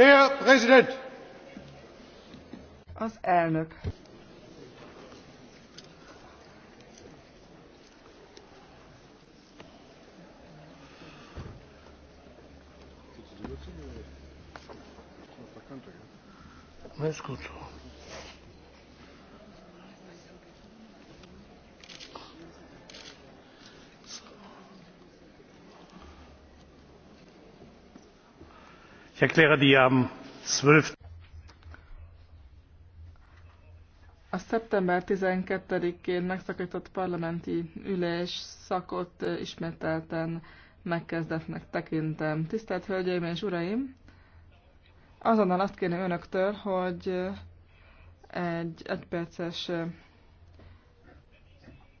Der Präsident! Az elnök. No ich erkläre die am. zwölf a szeptember 12-én megszakított parlamenti ülés szakot ismételten megkezdetnek tekintem. Tisztelt Hölgyeim és Uraim! Azonnal azt kérném Önöktől, hogy egy egyperces